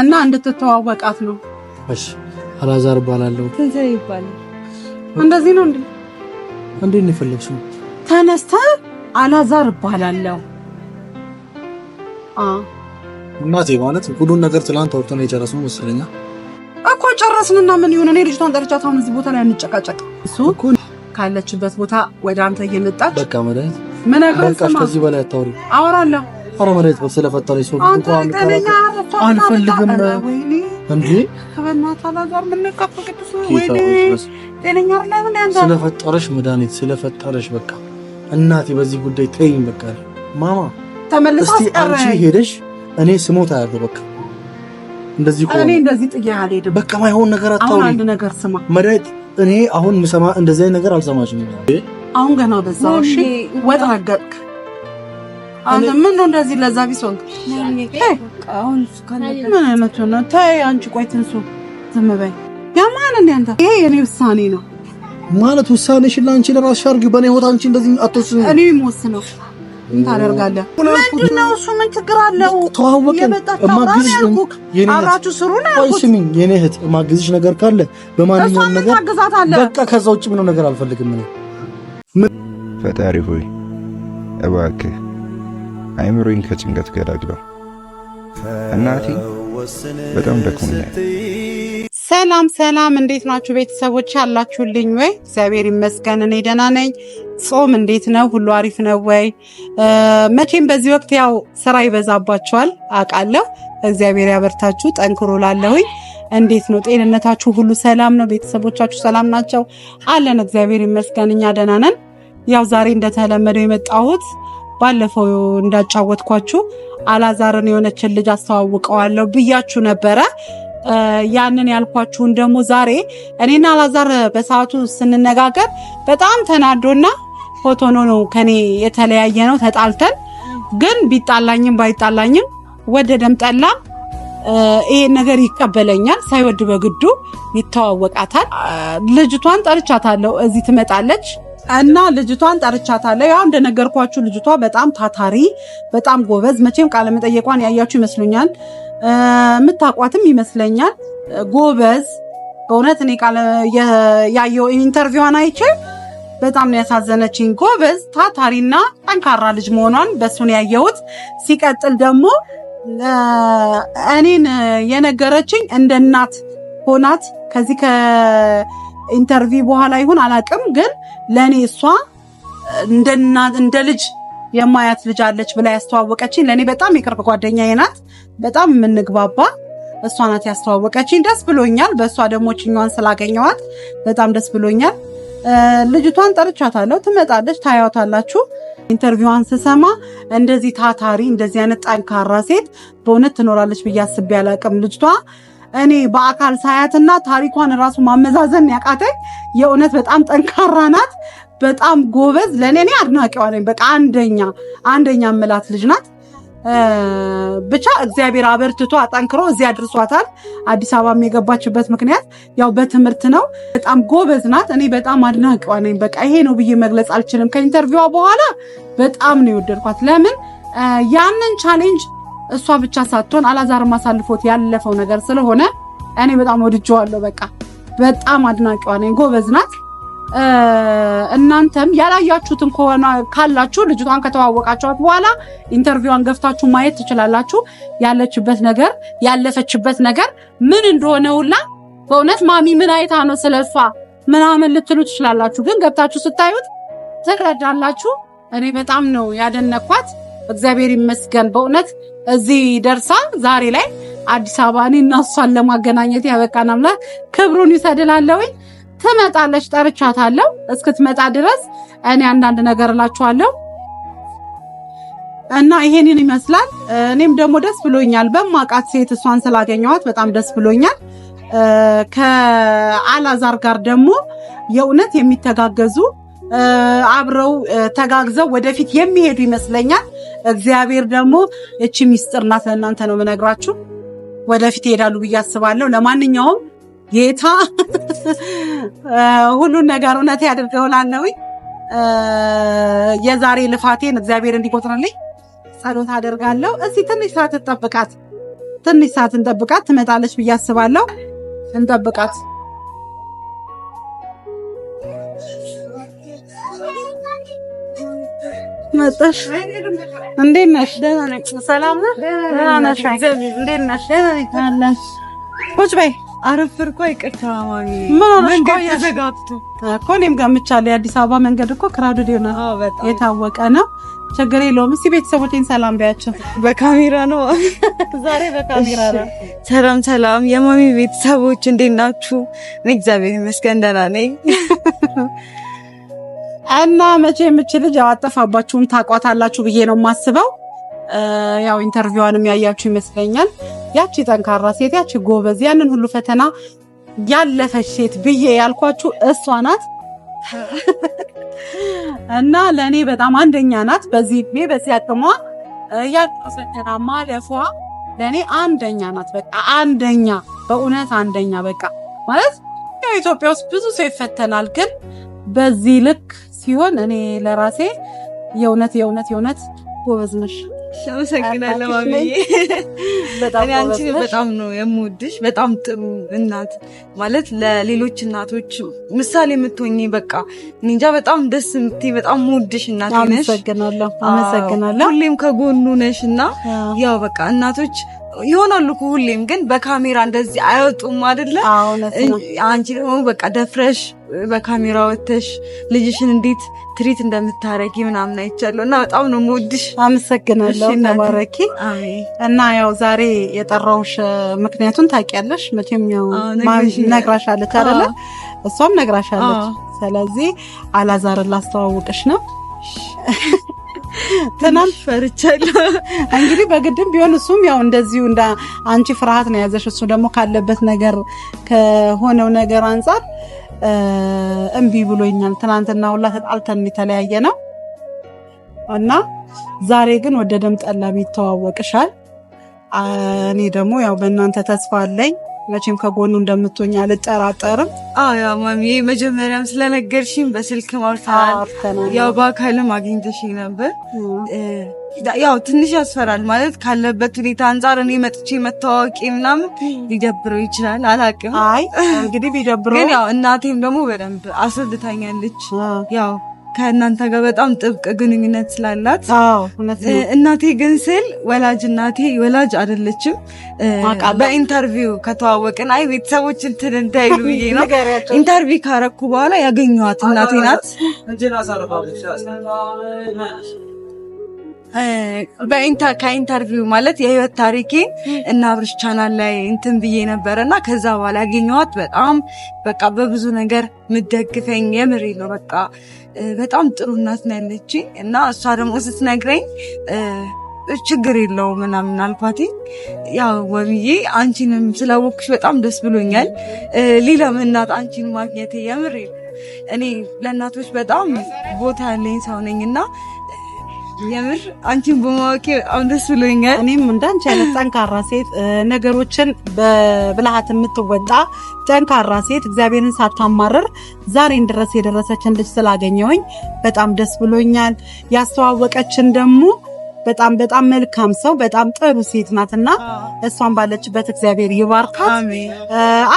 እና እንድትተዋወቃት ነው። እሺ አላዛር እባላለሁ። ትንሣኤ ይባላል። እንደዚህ ነው እንዴ? እንዴት ነው የፈለግሽው? ተነስተህ አላዛር እባላለሁ። አ እናቴ ማለት ሁሉን ነገር ትላንት አውርተን የጨረስነው መሰለኛ እኮ ጨረስንና ምን ይሁን? እኔ ልጅቷን ጠርቻት አሁን እዚህ ቦታ ላይ አንጨቃጨቅ። እሱ ካለችበት ቦታ ወደ አንተ እየመጣች በቃ መድኃኒት ምን ነገር ስማ፣ ከዚህ በላይ አታውሪ። አወራለሁ ኧረ መሬት ስለፈጠረ ሰው እንኳን አልፈልግም። እንዴ ስለፈጠረሽ መድኃኒት ስለፈጠረሽ በቃ እናቴ በዚህ ጉዳይ ተይኝ። በቃ ማማ ተመልሳ አንቺ ሄደሽ እኔ ስሞታ ያለው በቃ እንደዚህ እኮ እኔ እንደዚህ ጥያቄ አልሄድም። በቃ ማይሆን ነገር አታውሪ። አንድ ነገር ስማ መድኃኒት እኔ አሁን ምሰማ እንደዚህ ነገር አልሰማሽም። አሁን ገና በዛው እሺ ወጥ ረገጥክ አንተ ምን ነው እንደዚህ ለዛ ቢስ ምን አይነት ነው? ተይ አንቺ፣ ቆይ ትንሱ ዝም በይ። እንደ አንተ ይሄ የኔ ውሳኔ ነው ማለት ለራስሽ አድርጊው። በእኔ ህይወት አንቺ እንደዚህ እኔ የምወስነው ነገር ካለ በማንኛውም ነገር በቃ፣ ከዛ ውጭ ምንም ነገር አልፈልግም። ፈጣሪ ሆይ እባክህ አእምሮዬን ከጭንቀት ገላግለው። እናቴ በጣም ደክሞኛል። ሰላም ሰላም፣ እንዴት ናችሁ ቤተሰቦች? ያላችሁልኝ ወይ? እግዚአብሔር ይመስገን እኔ ደህና ነኝ። ጾም እንዴት ነው? ሁሉ አሪፍ ነው ወይ? መቼም በዚህ ወቅት ያው ስራ ይበዛባችኋል አውቃለሁ። እግዚአብሔር ያበርታችሁ፣ ጠንክሮ ላለሁኝ እንዴት ነው ጤንነታችሁ? ሁሉ ሰላም ነው? ቤተሰቦቻችሁ ሰላም ናቸው? አለን፣ እግዚአብሔር ይመስገን እኛ ደህና ነን። ያው ዛሬ እንደተለመደው የመጣሁት ባለፈው እንዳጫወትኳችሁ አላዛርን የሆነችን ልጅ አስተዋውቀዋለሁ ብያችሁ ነበረ። ያንን ያልኳችሁን ደግሞ ዛሬ እኔና አላዛር በሰዓቱ ስንነጋገር በጣም ተናዶና ፎቶ ነው ከኔ የተለያየ ነው ተጣልተን፣ ግን ቢጣላኝም ባይጣላኝም ወደደም ጠላም ይሄን ነገር ይቀበለኛል። ሳይወድ በግዱ ይተዋወቃታል። ልጅቷን ጠርቻታለሁ። እዚህ ትመጣለች እና ልጅቷን ጠርቻታለሁ። ያው እንደነገርኳችሁ ልጅቷ በጣም ታታሪ፣ በጣም ጎበዝ። መቼም መጠየቋን ያያችሁ ይመስሉኛል፣ የምታቋትም ይመስለኛል። ጎበዝ በእውነት እኔ ያየው ኢንተርቪዋን አይቼ በጣም ነው ያሳዘነችኝ። ጎበዝ ታታሪና ጠንካራ ልጅ መሆኗን በእሱን ያየሁት። ሲቀጥል ደግሞ እኔን የነገረችኝ እንደ እናት ሆናት ከዚህ ከኢንተርቪው በኋላ ይሁን አላቅም ግን ለእኔ እሷ እንደ ልጅ የማያት ልጅ አለች ብላ ያስተዋወቀችኝ ለእኔ በጣም የቅርብ ጓደኛዬ ናት። በጣም የምንግባባ እሷ ናት ያስተዋወቀችኝ። ደስ ብሎኛል። በእሷ ደግሞ ችኛዋን ስላገኘዋት በጣም ደስ ብሎኛል። ልጅቷን ጠርቻታለሁ። ትመጣለች፣ ታያታላችሁ። ኢንተርቪዋን ስሰማ እንደዚህ ታታሪ እንደዚህ አይነት ጠንካራ ሴት በእውነት ትኖራለች ብዬ አስቤ አላቅም። ልጅቷ እኔ በአካል ሳያትና ታሪኳን ራሱ ማመዛዘን ያቃተኝ የእውነት በጣም ጠንካራ ናት፣ በጣም ጎበዝ። ለእኔ እኔ አድናቂዋ ነኝ። በቃ አንደኛ አንደኛ ምላት ልጅ ናት። ብቻ እግዚአብሔር አበርትቶ አጠንክሮ እዚህ አድርሷታል። አዲስ አበባ የገባችበት ምክንያት ያው በትምህርት ነው። በጣም ጎበዝ ናት። እኔ በጣም አድናቂዋ ነኝ። በቃ ይሄ ነው ብዬ መግለጽ አልችልም። ከኢንተርቪዋ በኋላ በጣም ነው የወደድኳት። ለምን ያንን ቻሌንጅ እሷ ብቻ ሳትሆን አላዛር ማሳልፎት ያለፈው ነገር ስለሆነ እኔ በጣም ወድጀዋለሁ። በቃ በጣም አድናቂዋ ነኝ። ጎበዝ ናት። እናንተም ያላያችሁትን ከሆነ ካላችሁ ልጅቷን ከተዋወቃችኋት በኋላ ኢንተርቪዋን ገፍታችሁ ማየት ትችላላችሁ። ያለችበት ነገር ያለፈችበት ነገር ምን እንደሆነ ሁላ በእውነት ማሚ ምን አይታ ነው ስለሷ ምናምን ልትሉ ትችላላችሁ። ግን ገብታችሁ ስታዩት ትረዳላችሁ። እኔ በጣም ነው ያደነኳት። እግዚአብሔር ይመስገን በእውነት እዚህ ደርሳ ዛሬ ላይ አዲስ አበባ እኔ እና እሷን ለማገናኘት ያበቃን አምላክ ክብሩን ይሰድላለውኝ። ትመጣለች፣ ጠርቻታለሁ። እስክትመጣ ድረስ እኔ አንዳንድ ነገር እላችኋለሁ እና ይሄንን ይመስላል። እኔም ደግሞ ደስ ብሎኛል በማውቃት ሴት እሷን ስላገኘኋት በጣም ደስ ብሎኛል። ከአላዛር ጋር ደግሞ የእውነት የሚተጋገዙ አብረው ተጋግዘው ወደፊት የሚሄዱ ይመስለኛል። እግዚአብሔር ደግሞ እቺ ሚስጥር ናት፣ ለእናንተ ነው የምነግራችሁ። ወደፊት ይሄዳሉ ብዬ አስባለሁ። ለማንኛውም ጌታ ሁሉን ነገር እውነት ያደርገውላለሁ። የዛሬ ልፋቴን እግዚአብሔር እንዲቆጥርልኝ ጸሎት አደርጋለሁ። እዚህ ትንሽ ሰዓት እንጠብቃት፣ ትንሽ ሰዓት እንጠብቃት፣ ትመጣለች ብዬ አስባለሁ። እንጠብቃት። መጣሽ? እንዴት ነሽ? ደህና ነሽ? ሰላም ነሽ? ደህና ነሽ? እንዴት ነሽ? ደህና ነሽ? ቁጭ በይ። አረፍር እኮ ይቅርታ ማሚ፣ ምን ሆነሽ? ተዘጋግቶ እኮ እኔም ገምቻለሁ። የአዲስ አበባ መንገድ እኮ ክራውድድ ይሆናል፣ የታወቀ ነው። ችግር የለውም። እስኪ ቤተሰቦቼን ሰላም በያቸው። በካሜራ ነው ዛሬ በካሜራ ነው። ሰላም ሰላም፣ የማሚ ቤተሰቦች እንዴት ናችሁ? እኔ እግዚአብሔር ይመስገን ደህና ነኝ። እና መቼ የምች ልጅ ያው አጠፋባችሁም ታቋታላችሁ ብዬ ነው የማስበው። ያው ኢንተርቪዋንም ያያችሁ ይመስለኛል። ያቺ ጠንካራ ሴት፣ ያቺ ጎበዝ፣ ያንን ሁሉ ፈተና ያለፈች ሴት ብዬ ያልኳችሁ እሷ ናት እና ለእኔ በጣም አንደኛ ናት። በዚህ እድሜ በዚህ አቅሟ ፈተና ማለፏ ለእኔ አንደኛ ናት። በቃ አንደኛ፣ በእውነት አንደኛ። በቃ ማለት ያው ኢትዮጵያ ውስጥ ብዙ ሰው ይፈተናል ግን በዚህ ልክ ሲሆን እኔ ለራሴ የእውነት የእውነት የእውነት ጎበዝ ነሽ። አመሰግናለሁ ማሚዬ። አንቺን በጣም ነው የምወድሽ። በጣም ጥሩ እናት ማለት ለሌሎች እናቶች ምሳሌ የምትሆኝ በቃ እንጃ በጣም ደስ የምትይ በጣም የምወድሽ እናት ነሽ። አመሰግናለሁ አመሰግናለሁ። ሁሌም ከጎኑ ነሽ እና ያው በቃ እናቶች ይሆናሉ ሁሌም ግን በካሜራ እንደዚህ አይወጡም አይደለ? አንቺ ደግሞ በቃ ደፍረሽ በካሜራ ወተሽ ልጅሽን እንዴት ትሪት እንደምታረጊ ምናምን አይቻለሁ እና በጣም ነው የምወድሽ። አመሰግናለሁ። ተባረኪ። እና ያው ዛሬ የጠራውሽ ምክንያቱን ታውቂያለሽ መቼም ያው ነግራሻለች አይደለ? እሷም ነግራሻለች። ስለዚህ አላዛርን ላስተዋውቅሽ ነው። ትናንት ፈርቻለሁ። እንግዲህ በግድም ቢሆን እሱም ያው እንደዚሁ እንደ አንቺ ፍርሃት ነው የያዘሽ። እሱ ደግሞ ካለበት ነገር ከሆነው ነገር አንጻር እምቢ ብሎኛል። ትናንትና ሁላ ተጣልተን የተለያየ ነው እና ዛሬ ግን ወደ ደም ጠላም ይተዋወቅሻል። እኔ ደግሞ ያው በእናንተ ተስፋ አለኝ። መቼም ከጎኑ እንደምትሆኝ አልጠራጠርም። ማሚ መጀመሪያም ስለነገርሽኝ በስልክ ማውርታል፣ ያው በአካልም አግኝተሽኝ ነበር ያው ትንሽ ያስፈራል ማለት ካለበት ሁኔታ አንጻር እኔ መጥቼ መታወቂ ምናምን ሊደብረው ይችላል። አላውቅም። አይ እንግዲህ ቢደብረው ግን ያው እናቴም ደግሞ በደንብ አስረድታኛለች። ያው ከእናንተ ጋር በጣም ጥብቅ ግንኙነት ስላላት እናቴ ግን ስል ወላጅ እናቴ ወላጅ አይደለችም። በኢንተርቪው ከተዋወቅን አይ ቤተሰቦች እንትን እንዳይሉ ብዬ ነው። ኢንተርቪው ካረኩ በኋላ ያገኘኋት እናቴ ናት። ከኢንተርቪው ማለት የህይወት ታሪኬ እና አብርሽ ቻናል ላይ እንትን ብዬ ነበረ እና ከዛ በኋላ ያገኘዋት በጣም በቃ በብዙ ነገር ምደግፈኝ የምሬ ነው። በቃ በጣም ጥሩ እናት ነው ያለች እና እሷ ደግሞ ስትነግረኝ ችግር የለው ምናምን አልኳት። ያው ወብዬ አንቺንም ስላወቅሽ በጣም ደስ ብሎኛል። ሌላም እናት አንቺን ማግኘት የምሬ እኔ ለእናቶች በጣም ቦታ ያለኝ ሰው ነኝ እና የምር አንቺን በማወቄ በጣም ደስ ብሎኛል። እኔም እንዳንቺ አይነት ጠንካራ ሴት ነገሮችን በብልሃት የምትወጣ ጠንካራ ሴት እግዚአብሔርን ሳታማርር ዛሬን ድረስ የደረሰችን ልጅ ስላገኘሁኝ በጣም ደስ ብሎኛል። ያስተዋወቀችን ደግሞ በጣም በጣም መልካም ሰው በጣም ጥሩ ሴት ናትና እሷን ባለችበት እግዚአብሔር ይባርካት።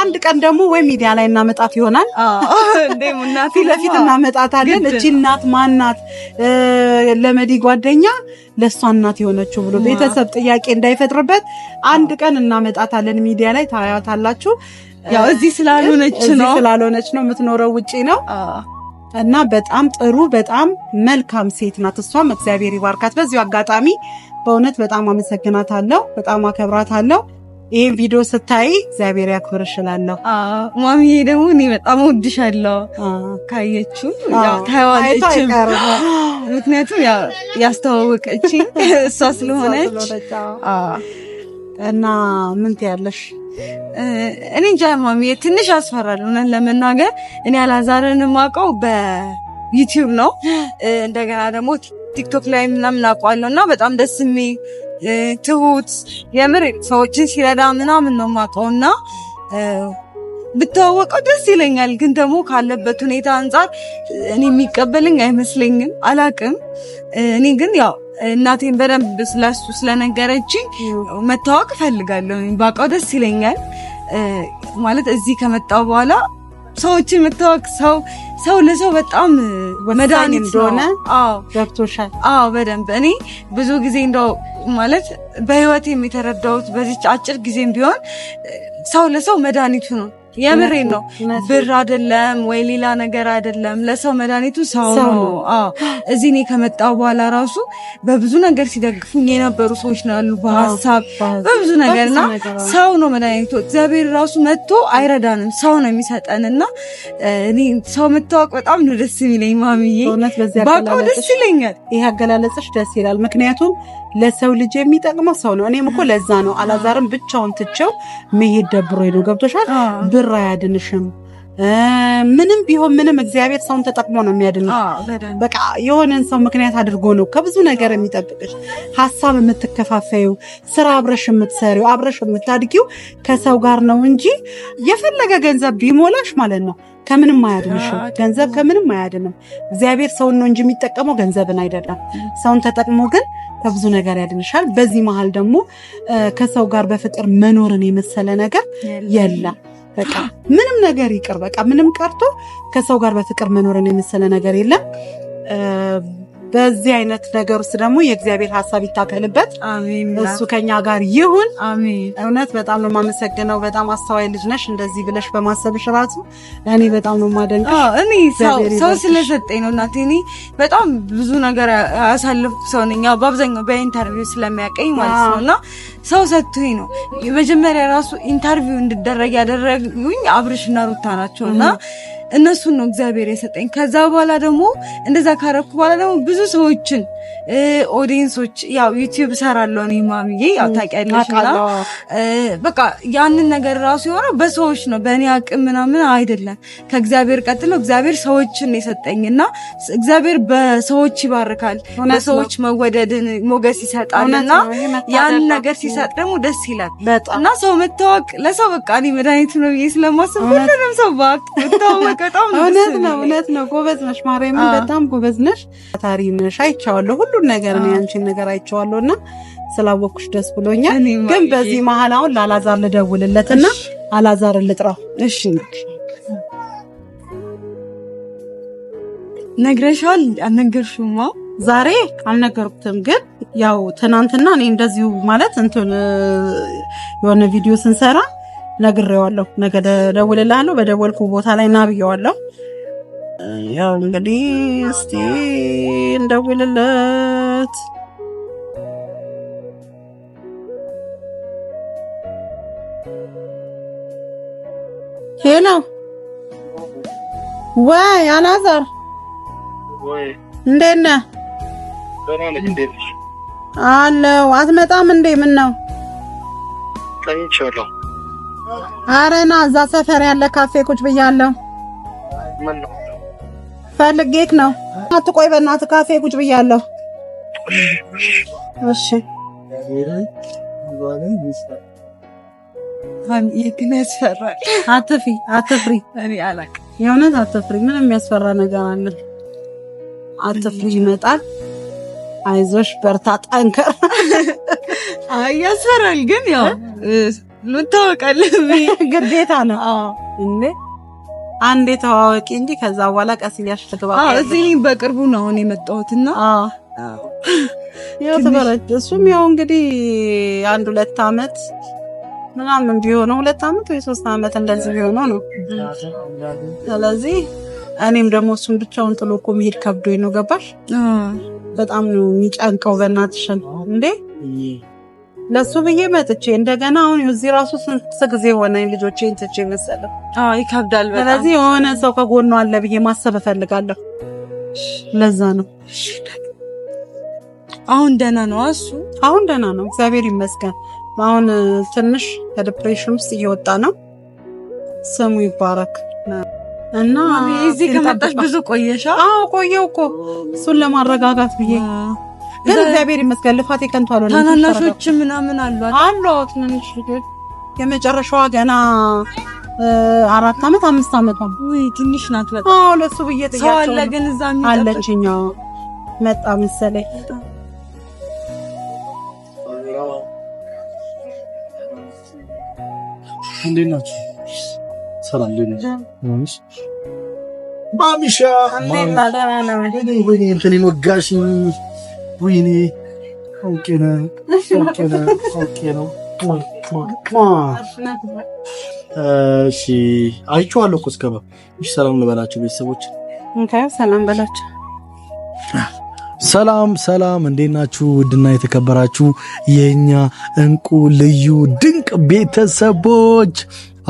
አንድ ቀን ደግሞ ወይ ሚዲያ ላይ እናመጣት ይሆናል። ፊት ለፊት እናመጣታለን። እቺ እናት ማናት? ለመዲ ጓደኛ ለእሷ እናት የሆነችው ብሎ ቤተሰብ ጥያቄ እንዳይፈጥርበት አንድ ቀን እናመጣታለን። ሚዲያ ላይ ታያታላችሁ። ያው እዚህ ስላልሆነች ነው ስላልሆነች ነው የምትኖረው ውጪ ነው። እና በጣም ጥሩ በጣም መልካም ሴት ናት። እሷም እግዚአብሔር ይባርካት። በዚሁ አጋጣሚ በእውነት በጣም አመሰግናታለሁ፣ በጣም አከብራታለሁ። ይህን ቪዲዮ ስታይ እግዚአብሔር ያክብርሽ እላለሁ። ማሚዬ ደግሞ እኔ በጣም እወድሻለሁ። ካየችው ምክንያቱም ያስተዋወቀች እሷ ስለሆነች እና ምን ትያለሽ? እኔ እንጃ ማሚ ትንሽ ያስፈራል። እውነት ለመናገር እኔ አላዛርን የማውቀው በዩቲዩብ ነው። እንደገና ደግሞ ቲክቶክ ላይ ምናምን አውቀዋለሁ እና በጣም ደስ የሚል ትሁት፣ የምር ሰዎችን ሲረዳ ምናምን ነው የማውቀው እና ብተዋወቀው ደስ ይለኛል። ግን ደግሞ ካለበት ሁኔታ አንጻር እኔ የሚቀበልኝ አይመስለኝም። አላቅም እኔ ግን ያው እናቴን በደንብ ስለሱ ስለነገረችኝ መታወቅ እፈልጋለሁ። ባውቀው ደስ ይለኛል። ማለት እዚህ ከመጣው በኋላ ሰዎችን መታወቅ ሰው ሰው ለሰው በጣም መድኃኒት እንደሆነ ገብቶሻል? አዎ በደንብ እኔ ብዙ ጊዜ እንደው ማለት በህይወት የተረዳሁት በዚች አጭር ጊዜም ቢሆን ሰው ለሰው መድኃኒቱ ነው። የምሬ ነው። ብር አይደለም ወይ ሌላ ነገር አይደለም። ለሰው መድኃኒቱ ሰው ነው። እዚህ እኔ ከመጣሁ በኋላ ራሱ በብዙ ነገር ሲደግፉኝ የነበሩ ሰዎች ናሉ፣ በሀሳብ በብዙ ነገርና ሰው ነው መድኃኒቱ። እግዚአብሔር ራሱ መጥቶ አይረዳንም፣ ሰው ነው የሚሰጠን እኔ ሰው መታወቅ በጣም ነው ደስ የሚለኝ። ማሚዬ ባውቀው ደስ ይለኛል። ይህ አገላለጽሽ ደስ ይላል። ምክንያቱም ለሰው ልጅ የሚጠቅመው ሰው ነው። እኔም እኮ ለዛ ነው አላዛርም ብቻውን ትቼው መሄድ ደብሮ ሄዶ ገብቶሻል ብር ብር አያድንሽም። ምንም ቢሆን ምንም እግዚአብሔር ሰውን ተጠቅሞ ነው የሚያድን። በቃ የሆነን ሰው ምክንያት አድርጎ ነው ከብዙ ነገር የሚጠብቅሽ። ሀሳብ የምትከፋፈዩ፣ ስራ አብረሽ የምትሰሪው፣ አብረሽ የምታድጊው ከሰው ጋር ነው እንጂ የፈለገ ገንዘብ ቢሞላሽ ማለት ነው ከምንም አያድንሽም። ገንዘብ ከምንም አያድንም። እግዚአብሔር ሰውን ነው እንጂ የሚጠቀመው ገንዘብን አይደለም። ሰውን ተጠቅሞ ግን ከብዙ ነገር ያድንሻል። በዚህ መሀል ደግሞ ከሰው ጋር በፍቅር መኖርን የመሰለ ነገር የለም። በቃ ምንም ነገር ይቅር፣ በቃ ምንም ቀርቶ ከሰው ጋር በፍቅር መኖርን የመሰለ ነገር የለም። በዚህ አይነት ነገር ውስጥ ደግሞ የእግዚአብሔር ሀሳብ ይታከልበት። እሱ ከኛ ጋር ይሁን። እውነት በጣም ነው የማመሰግነው። በጣም አስተዋይ ልጅ ነሽ። እንደዚህ ብለሽ በማሰብሽ ራሱ ለእኔ በጣም ነው የማደንቀው። እኔ ሰው ስለሰጠኝ ነው እናቴ። እኔ በጣም ብዙ ነገር ያሳለፍኩ ሰው ነኝ። በአብዛኛው በኢንተርቪው ስለሚያቀኝ ማለት ነው እና ሰው ሰጥቶኝ ነው የመጀመሪያ ራሱ ኢንተርቪው እንድደረግ ያደረጉኝ አብርሽና ሩታ ናቸው እና እነሱን ነው እግዚአብሔር የሰጠኝ። ከዛ በኋላ ደግሞ እንደዛ ካረኩ በኋላ ደግሞ ብዙ ሰዎችን ኦዲየንሶች ያው ዩቲዩብ ሰራለሁ እኔ ማሚዬ ያው ታውቂያለሽ። እና በቃ ያንን ነገር ራሱ የሆነው በሰዎች ነው በእኔ አቅም ምናምን አይደለም። ከእግዚአብሔር ቀጥሎ እግዚአብሔር ሰዎችን የሰጠኝ እና እግዚአብሔር በሰዎች ይባርካል፣ በሰዎች መወደድን ሞገስ ይሰጣል። እና ያን ነገር ሲሰጥ ደግሞ ደስ ይላል። እና ሰው መታወቅ ለሰው በቃ እኔ መድኃኒቱ ነው ብዬ ስለማስብ ሁሉንም ሰው በመታወቅ እውነት ነው፣ እውነት ነው። ጎበዝ ነሽ ማርያም፣ በጣም ጎበዝ ነሽ፣ ታሪ ነሽ። አይቼዋለሁ፣ ሁሉን ነገር ነው ያንቺን ነገር አይቼዋለሁ እና ደስ ብሎኛል። ግን በዚህ መሀል አሁን ለአላዛር ልደውልለት እና አላዛር ልጥራው። እሺ ነግረሻል? አልነገርሽማ? ዛሬ አልነገርኩትም፣ ግን ያው ትናንትና እኔ እንደዚሁ ማለት እንትን የሆነ ቪዲዮ ስንሰራ ነግሬዋለሁ። ነገ ደውልልሃለሁ። በደወልኩ ቦታ ላይ ና ብየዋለሁ። ያው እንግዲህ እስቲ እንደውልለት። ሄሎ ወይ አላዛር እንዴት ነህ? አለው አትመጣም እንዴ? ምን ነው? ተኝቻለሁ አረና እዛ ሰፈር ያለ ካፌ ቁጭ ብያለሁ። ፈልጌክ ነው። አትቆይ በእናት ካፌ ቁጭ ብያለሁ። እሺ ግን ያስፈራል። አትፍሪ አትፍሪ፣ እኔ አላውቅም። የእውነት አትፍሪ። ምንም የሚያስፈራ ነገር አለ? አትፍሪ፣ ይመጣል። አይዞሽ፣ በርታ፣ ጠንከር። ያስፈራል ግን ያው ምታወቃለህ ግዴታ ነው። አዎ እንዴ አንዴ ተዋወቂ እንጂ ከዛ በኋላ ቀስ እያልሽ ትግባ። እዚህ በቅርቡ ነው እኔ የመጣሁትና አዎ ያው ተበረች። እሱም ያው እንግዲህ አንድ ሁለት አመት ምናምን ቢሆነው ሁለት አመት ወይ ሶስት አመት እንደዚህ ቢሆነው ነው። ስለዚህ እኔም ደግሞ እሱን ብቻውን ጥሎ እኮ መሄድ ከብዶኝ ነው ገባሽ? በጣም ነው የሚጨንቀው። በእናትሽን እንዴ ለሱ ብዬ መጥቼ እንደገና አሁን እዚህ ራሱ ስንት ጊዜ ሆነ ልጆቼን ትቼ መሰለ ይከብዳል ስለዚህ የሆነ ሰው ከጎኗ አለ ብዬ ማሰብ እፈልጋለሁ። ለዛ ነው። አሁን ደህና ነው እሱ። አሁን ደህና ነው፣ እግዚአብሔር ይመስገን። አሁን ትንሽ ከዲፕሬሽን ውስጥ እየወጣ ነው። ስሙ ይባረክ እና እዚህ ከመጣሽ ብዙ ቆየሻ? አዎ ቆየው እኮ እሱን ለማረጋጋት ብዬ ግን እግዚአብሔር ይመስገን ልፋቴ ከንቱ አልሆነ። ታናናሾች ምናምን አሏት አሏት ትንንሽ ልጆች የመጨረሻዋ ገና አራት አመት አምስት አመቷ ወይ ትንሽ ናት በጣም። አዎ ለሱ ብዬ ጥያቸው አለ ግን እዛ አለችኛው መጣ መሰለኝ እንዴት ናችሁ? ሰላም ልኝ ማሚሽ ማሚሻ እንዴት ናችሁ? ወይኔ ወይኔ እንትን ወጋሽኝ ወይኔ አውቄ እሺ አይቼዋለሁ እኮ እሺ ሰላም ልበላችሁ ቤተሰቦች፣ ሰላም ሰላም ሰላም፣ እንዴት ናችሁ? ውድና የተከበራችሁ የኛ እንቁ ልዩ ድንቅ ቤተሰቦች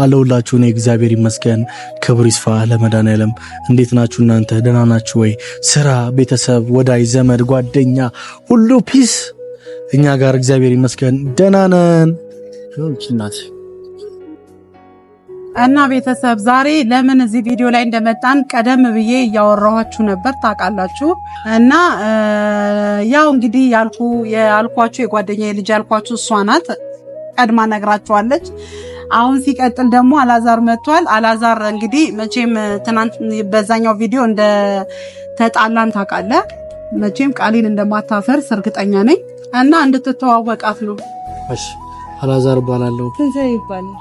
አለሁላችሁ እኔ እግዚአብሔር ይመስገን። ክብር ይስፋ ለመድኃኔዓለም። እንዴት ናችሁ እናንተ? ደህና ናችሁ ወይ? ስራ፣ ቤተሰብ፣ ወዳጅ ዘመድ፣ ጓደኛ ሁሉ ፒስ። እኛ ጋር እግዚአብሔር ይመስገን ደህና ነን። እና ቤተሰብ ዛሬ ለምን እዚህ ቪዲዮ ላይ እንደመጣን ቀደም ብዬ እያወራኋችሁ ነበር ታውቃላችሁ። እና ያው እንግዲህ ያልኩ ያልኳችሁ የጓደኛ ልጅ ያልኳችሁ እሷ ናት ቀድማ ነግራችኋለች። አሁን ሲቀጥል ደግሞ አላዛር መጥቷል። አላዛር እንግዲህ መቼም ትናንት በዛኛው ቪዲዮ እንደ ተጣላን ታውቃለህ። መቼም ቃሊን እንደማታፈርስ እርግጠኛ ነኝ እና እንድትተዋወቃት ነው። እሺ አላዛር እባላለሁ። ትንሣኤ ይባላል።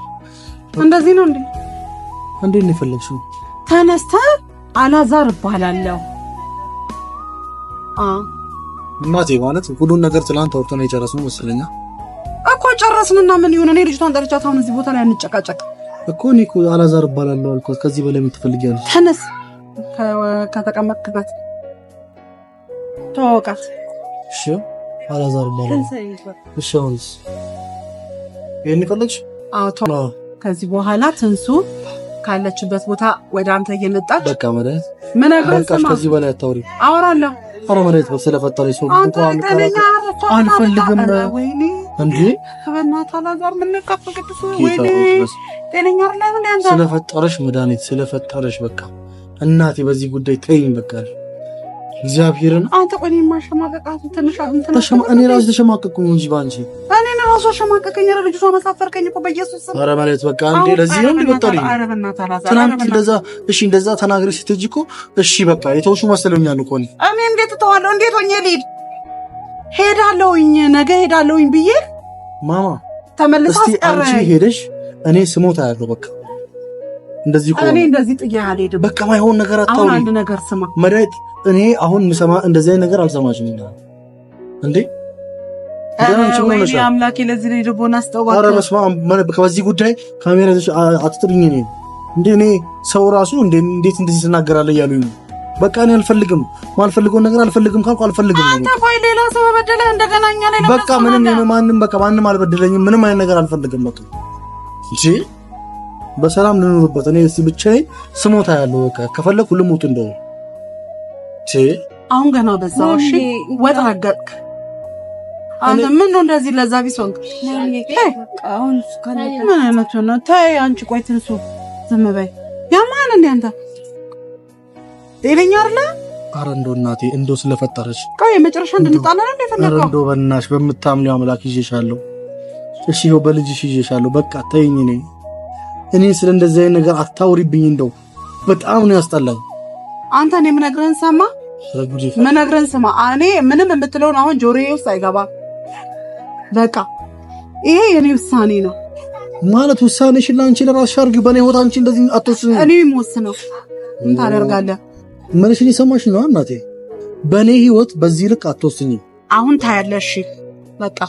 እንደዚህ ነው እንዴ? እንዴ ነው የፈለግሽው? ተነስተህ አላዛር እባላለሁ። እናቴ ማለት ሁሉን ነገር ትላንት አውርተን የጨረስነው መሰለኛ ጨረስንና ምን ይሁን? እኔ ልጅቷን ጠርቻት አሁን እዚህ ቦታ ላይ አንጨቃጨቅ እኮ። እኔ እኮ አላዛር እባላለሁ አልኳት። ከዚህ በላይ የምትፈልጊያለሽ? ተነስ ከተቀመጥክበት ተዋወቃት። እሺ አላዛር እባላለሁ። እሺ አሁንስ ይሄን ቀለች? አዎ ተው። ከዚህ በኋላ ትንሱ ካለችበት ቦታ ወደ አንተ እየመጣች በቃ መድኃኒት ምን ነገር ስማ፣ ከዚህ በላይ አታውሪ። አወራለሁ። ኧረ መድኃኒት ስለፈጠረኝ ሰው እንኳን አልፈልግም። ወይኔ እንዴ በእናትህ አላዛር ምን ነካፍ? ቅዱስ ወይኔ ጤነኛ አይደለም። ያንተ ስለፈጠረሽ መድኃኒት ስለፈጠረሽ በቃ እናቴ በዚህ ጉዳይ ተይኝ በቃ እግዚአብሔርን። አንተ ቆይ እኔማ ትንሽ ተሸማ እኔ ራሱ ተሸማቀቅኩኝ እንጂ ባንቺ እኔ ነው ራሱ ሸማቀቀኝ። ኧረ ልጅቷ መሳፈርከኝ እኮ በኢየሱስ ኧረ ማለት በቃ እንዴ ለዚህ ነው እንዲበጣልኝ። ትናንት እንደዛ እሺ፣ እንደዛ ተናግረሽ ስትሄጂ እኮ እሺ በቃ የተውሹ መሰለኛል እኮ እኔ። እንዴት እተዋለሁ? እንዴት ሆኜ ልሂድ? ሄዳለሁኝ ነገ ሄዳለሁኝ ብዬ ማማ ተመልሳ አንቺ ሄደሽ እኔ ስሞት አያለሁ። በቃ እንደዚህ ቆይ፣ እኔ እንደዚህ ጥያ አልሄድም። በቃ ማይሆን ነገር አታውሪ። አንድ ነገር ስማ መድኃኒት፣ እኔ አሁን ምሰማ እንደዚህ አይነት ነገር አልሰማሽም እንዴ አምላኬ ለዚህ ላይ ደቦና አስጠዋ። ኧረ በስመ አብ በዚህ ጉዳይ ካሜራ አትጥሪኝ። እኔ እንደ እኔ ሰው ራሱ እንዴት እንደዚህ ትናገራለህ እያሉኝ ነው በቃ እኔ አልፈልግም፣ ማልፈልገው ነገር አልፈልግም ካልኩ አልፈልግም አንተ ቆይ ሌላ ሰው በበደለህ እንደገና እኛ ላይ በቃ ምንም ማንም በቃ ማንም አልበደለኝም፣ ምንም አይነት ነገር አልፈልግም። በቃ እንጂ በሰላም ልኑርበት። እኔ እስኪ ብቻዬን ስሞታ ያለው በቃ ከፈለግ ሁሉም ውጡ እንደው እንጂ አሁን ገና በዛው እሺ፣ ወጥ ረገጥክ። አንተ ምን ነው እንደዚህ ለዛ ቢስ ሆንክ? አሁን ምን አይነት ነው? ተይ አንቺ ቆይ ትንሱ ዝም በይ። ያማን እንደ አንተ ጤነኛ አይደለ? ኧረ እንደው እናቴ እንደው ስለፈጠረች ቆይ የመጨረሻ እንድንጣላ ነው የፈለገው? እንደው በእናትሽ በምታምኚው አምላክ ይዤሻለሁ። እሺ ይኸው በልጅሽ ይዤሻለሁ። በቃ ተይኝ። እኔ እኔ ስለ እንደዚህ አይነት ነገር አታውሪብኝ። እንደው በጣም ነው ያስጠላኝ። አንተ እኔ የምነግርህን ሰማ ምነግረን ስማ። እኔ ምንም የምትለውን አሁን ጆሮዬ ውስጥ አይገባም። በቃ ይሄ የኔ ውሳኔ ነው ማለት ውሳኔሽን ለአንቺ ለራስሽ አድርጊው። በእኔ ህይወት አንቺ እንደዚህ አትወስኝ። እኔ የምወስነው ምን ታደርጋለህ? መልሽ ሊሰማሽ ነው እናቴ። በእኔ ህይወት በዚህ ልክ አትወስኝ። አሁን ታያለሽ። በቃ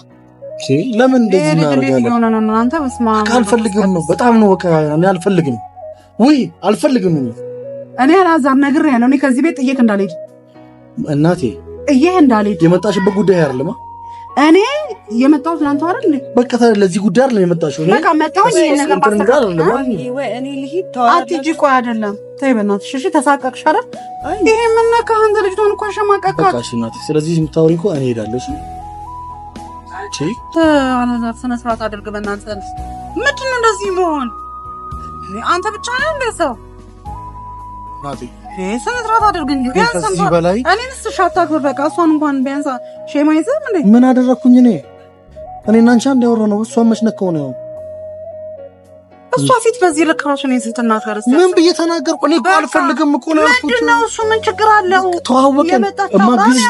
ለምን እንደዚህ እናደርጋለን? አልፈልግም ነው በጣም ነው በቃ እኔ አልፈልግም። ውይ አልፈልግም ነው እኔ አላዛር ነገር ያለው እኔ ከዚህ ቤት ጥዬህ እንዳልሄድ እናቴ፣ ጥዬህ እንዳልሄድ የመጣሽበት ጉዳይ አይደለም። እኔ የመጣሁት ለአንተ አይደል? በቃ ለዚህ ጉዳይ አይደለም የመጣሽው። በቃ መጣሁ። ይሄን ነገር ባስተካክል። እኔ ልሂድ። አትሂጂ። ቆይ አይደለም ተይ በእናትሽ እሺ። ተሳቀቅሽ አይደል? ይሄ ምን ነካ? አንተ ልጅቷን እኮ አሸማቀቅካት። በቃ እሺ እናቴ፣ ስለዚህ የምታወሪ እኮ እኔ እሄዳለሁ። እሺ አንቺ ስነ ስርዓት አድርግ በእናንተ። ምንድን ነው እንደዚህ መሆን? አንተ ብቻ ነህ እንደ ሰው ናቲ። ስነ ስርዓት አድርግ እንጂ ቢያንስ እንኳን በላይ እኔንስ አታክብር። በቃ እሷን እንኳን ቢያንስ ሼም እንዴ? ምን አደረግኩኝ እኔ? እኔ እና አንቺ አንድ ያወራነው እሷን መች ነካው ነው እሷ ፊት በዚህ ልክ ነው እኔን ስትናገር ምን ብዬ ተናገርኩ? እኔ እኮ አልፈልግም እኮ ነው ያልኩት። ምንድን ነው እሱ? ምን ችግር አለው? ተዋወቅን የማግዝሽ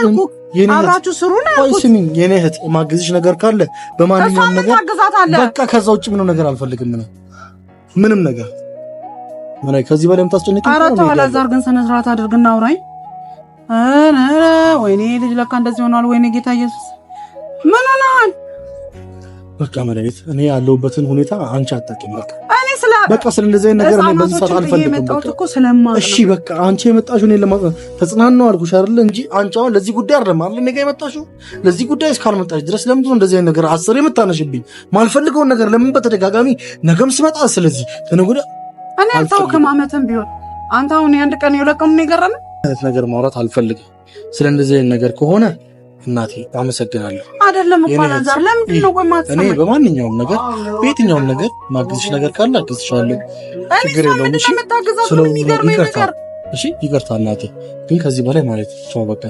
አብራችሁ ስሩ ነው ያልኩት። ስሚኝ የኔ እህት የማግዝሽ ነገር ካለ በማንኛውም ነገር በቃ ከዛ ውጭ ምንም ነገር አልፈልግም ነው ምንም ነገር ምን ከዚህ በላይ የምታስጨንቅ አራት አላዛር ግን ስነ ስርዓት አድርግና አውራኝ። ወይኔ ልጅ ለካ እንደዚህ ሆኗል። ወይኔ ጌታ ኢየሱስ ምን ሆነሃል? በቃ መድኃኒት እኔ ያለሁበትን ሁኔታ አንቺ አጣቂም። በቃ ስለ በቃ ስለ እንደዚህ ነገር በዚህ ሰዓት አልፈልግም። በቃ እሺ፣ በቃ አንቺ የመጣሽው እኔ ለማ ተጽናን ነው አልኩሽ አይደል እንጂ አንቺ አሁን ለዚህ ጉዳይ አይደለም አይደል እኔ ጋር የመጣሽው። ለዚህ ጉዳይ እስካልመጣሽ ድረስ ለምንድን ነው እንደዚህ አይነት ነገር አስሬ የምታነሽብኝ? ማልፈልገውን ነገር ለምን በተደጋጋሚ ነገም ስመጣ ስለዚህ ተነጉደ እኔ አልታውቅም። አመትም ቢሆን አንተ አሁን የአንድ ቀን የሁለት ቀን ነው የገረመኝ ነገር ማውራት አልፈልግም። ስለ እንደዚህ ነገር ከሆነ እናቴ አመሰግናለሁ። አይደለም እኮ አላዛር፣ ለምንድን ነው ቆይ ማታ እኔ በማንኛውም ነገር በየትኛውም ነገር ማግዝሽ ነገር ካለ አግዝሻለሁ። ችግር የለውም። እሺ ይቅርታ፣ እሺ ይቅርታ እናቴ፣ ግን ከዚህ በላይ ማለት ቻው፣ በቃ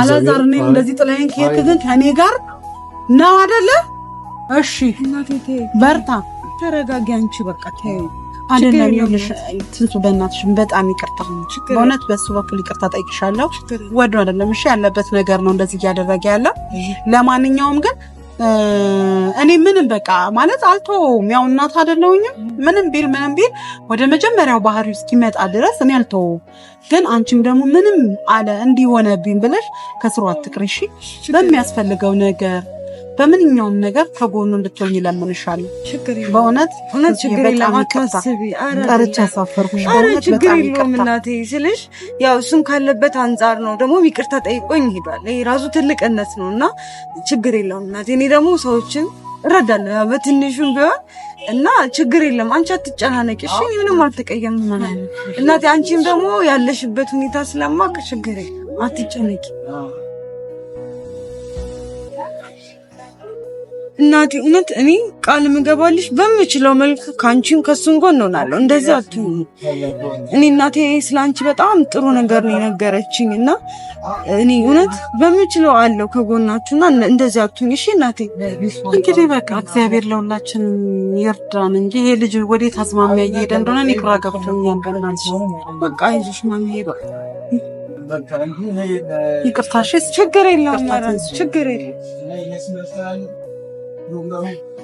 አላዛር። እኔ እንደዚህ ጥለኸኝ ከሄድክ ግን ከእኔ ጋር ነው አይደለ? እሺ በርታ፣ ተረጋጊ አንቺ በቃ ተይ አይደለም ትንሱ በእናትሽ በጣም ይቅርታ በእውነት በሱ በኩል ይቅርታ ጠይቅሻለሁ። ወዶ አይደለም እሺ፣ ያለበት ነገር ነው እንደዚህ እያደረገ ያለ። ለማንኛውም ግን እኔ ምንም በቃ ማለት አልተወውም። ያው እናት አይደለሁኝም። ምንም ቢል ምንም ቢል ወደ መጀመሪያው ባህሪ እስኪመጣ ድረስ እኔ አልተወውም። ግን አንቺም ደግሞ ምንም አለ እንዲህ ሆነብኝ ብለሽ ከስሩ አትቅሪ በሚያስፈልገው ነገር በምንኛውም ነገር ከጎኑ እንድትሆኝ ለምንሻለሁ። በእውነት ጠርቻ ያሳፈርኩሽ ችግር የለውም እናቴ ስልሽ፣ ያው እሱም ካለበት አንጻር ነው። ደግሞ ይቅርታ ጠይቆኝ ይሄዷል። ይሄ ራሱ ትልቅነት ነው እና ችግር የለውም እናቴ። እኔ ደግሞ ሰዎችን እረዳለሁ ያው በትንሹም ቢሆን እና ችግር የለም። አንቺ አትጨናነቂ እሺ። ምንም አልተቀየም እናቴ። አንቺም ደግሞ ያለሽበት ሁኔታ ስለማቅ ችግር አትጨነቂ። እናቴ እውነት እኔ ቃል ምገባልሽ በምችለው መልክ ከአንቺም ከሱም ጎን እንሆናለሁ። እንደዚህ አትሁኝ። እኔ እናቴ ስለ አንቺ በጣም ጥሩ ነገር ነው የነገረችኝ እና እኔ እውነት በምችለው አለው ከጎናችሁና እንደዚህ አትሁኝ። እሺ እናቴ እንግዲህ በቃ እግዚአብሔር ለሁላችን ይርዳን እንጂ ይሄ ልጅ ወዴት አዝማሚያ እየሄደ እንደሆነ እኔ ግራ ገብቶኛል። በእናትሽ በቃ አይዞሽ ማሚዬ በቃ ይቅርታሽ። ችግር የለውም ችግር የለም 容纳。